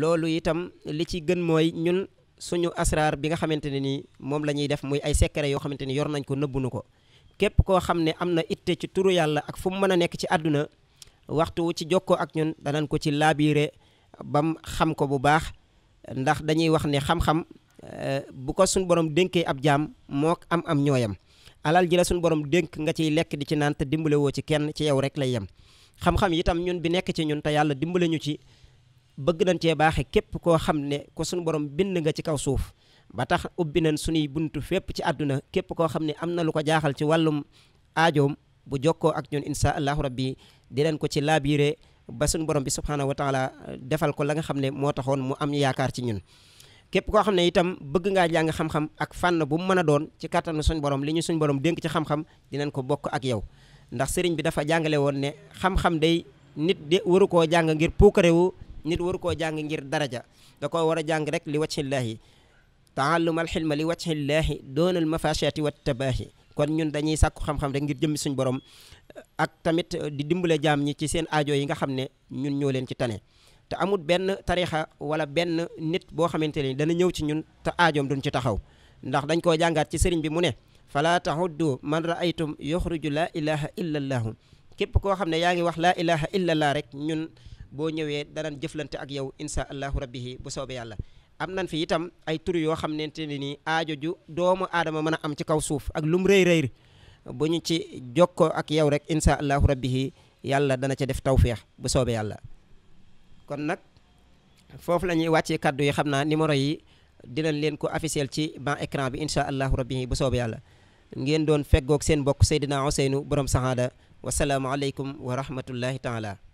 loolu itam li ci gën mooy ñun suñu asraar bi nga xamante ne nii moom la ñuy def muy ay secret yoo xamante ni yor nañ ko nëbbunu ko képp koo xam ne am na itte ci turu yàlla ak fu mu mën a nekk ci àdduna waxtu ci ci ko ak ñun danañ ko ci laabiire bam xam ko bu baax ndax dañuy wax ne xam-xam eh, bu ko suñu borom dénkee ab jaam mook am am ñooyam alal ji la suñu borom dénk nga ciy lekk di ci naan te dimbale woo ci kenn ci yow rek lay yem xam-xam itam yàlla dimbale ñu ci bëgg nañ cee baaxe képp koo xam ne ko suñu borom bind nga ci kaw suuf ba tax ubbi nañ suñuy buntu fépp ci àdduna képp koo xam ne am na lu ko jaaxal ci wàllum aajoom bu jokkoo ak ñun insha allahu rabbi di leen ko ci laabiré ba suñ borom bi subhaanahu wa taala defal ko la nga xam ne moo taxoon mu am yaakaar ci ñun képp koo xam ne itam bëgg ngaa jàng xam-xam ak fànn bu mu mën a doon ci kàttanu suñ borom li ñu suñ borom dénk ci xam-xam dinañ ko bokk ak yow ndax sëriñ bi dafa jàngale woon ne xam-xam nit de waru koo jàng ngir puukarewu nit war koo jàng ngir daraja da koo war a jàng rek li wajhillaahi taallumal xilma li wajhillaahi doonal mafashaati wat tabaahi kon ñun dañuy sàkku xam-xam rek ngir jëmmi suñu borom ak tamit di dimbale jaam ñi ci seen aajo yi nga xam ne ñun ñoo leen ci tane te amul benn tarixa wala benn nit boo xamante ne dana ñëw ci ñun te aajoom duñ ci taxaw ndax dañ koo jàngaat ci sëriñ bi mu ne fala tahuddu man raaytum yuxruju laa ilaha illa allaahu képp rek ñun boo ñëwee danaan jëflante ak yow insha allahu rabbihi bu soobee yàlla am nan fi itam ay tur yoo xam ne ne nii aajo ju doomu aadama mën a am ci kaw suuf ak lum rëy rëy bu ñu ci jokko ak yow rek insha allahu rabbihi yàlla dana ci def tawféex bu soobee yàlla kon nag foofu la ñuy wàccee kàddu yi xam naa numéro yi dinañ leen ko officiel ci ban écran bi insha allahu rabbihi bu soobee yàlla ngeen doon feggoog seen bokk mbokk Seydina Ousseynou borom saxaada wasalaamualeykum wa rahmatullahi taala